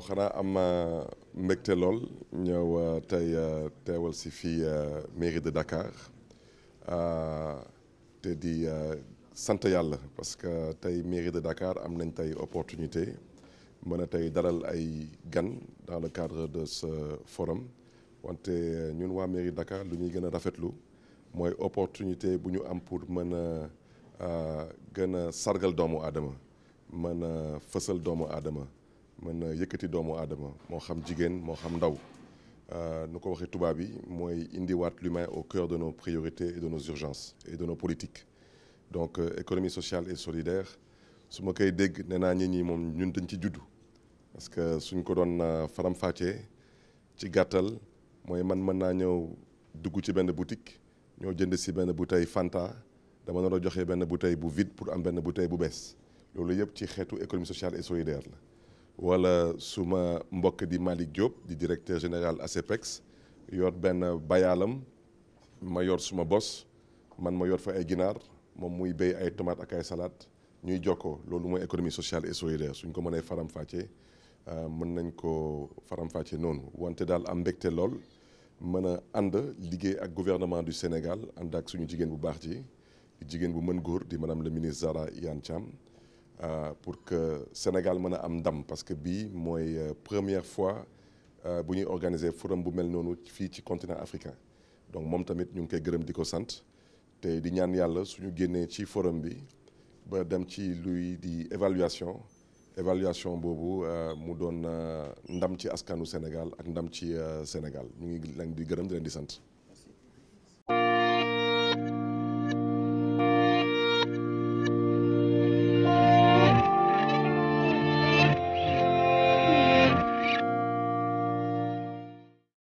xanaa am euh, mbégte lool ñëw euh, tey euh, teewal si fii mairie de Dakar te di sant yàlla parce que tey mairie de Dakar am nañ tey opportunité mën a tey dalal ay gan dans le cadre de ce forum wante ñun waa mairie de lu ñuy gën a rafetlu mooy opportunité bu ñu am pour mën a gën a sargal doomu aadama mën a fësal doomu aadama mën a yëkkati doomu aadama moo xam jigéen moo xam ndaw euh, nu ko waxee tubaab yi mooy indiwaat l'humain au cœur de nos priorités et de nos urgences et de nos politiques donc euh, économie sociale et solidaire su ma kay dégg nee naa nit ñi moom ñun dañ ci juddu parce que suñ ko doon euh, faramfàccee ci gàttal mooy man mën naa ñëw dugg ci benn boutique ñoo jënd si benn bouteille Fanta dama nar a joxe benn bouteille bu vide pour am benn bouteille bu bees loolu yëpp ci xeetu économie sociale et solidaire la. wala su ma mbokk di Malick jóop di directeur général ASEPEX yor benn bayaalam ma yor suma bos man ma yor fa ay ginaar moom muy béy ay tomates ak ay salade ñuy ko loolu mooy économie sociale et solidaire suñ ko mënee faram-fàccee euh, mën nañ ko faram noonu wante daal am mbegte lool mën a ànd liggéey ak gouvernement du Sénégal ànd ak suñu jigéen bu baax ji jigéen bu mën góor di madame le ministre Zahra Iyane Thiam Euh, pour que Sénégal mën a am ndam parce que bii mooy euh, première fois euh, bu ñuy organiser forum bu mel noonu fii ci continent africain donc moom tamit ñu ngi koy gërëm di ko sant te di ñaan yàlla suñu génnee ci forum bi ba dem ci luy di évaluation évaluation boobu mu doon ndam ci askanu Sénégal ak ndam ci Sénégal ñu ngi leen di gërëm di di sant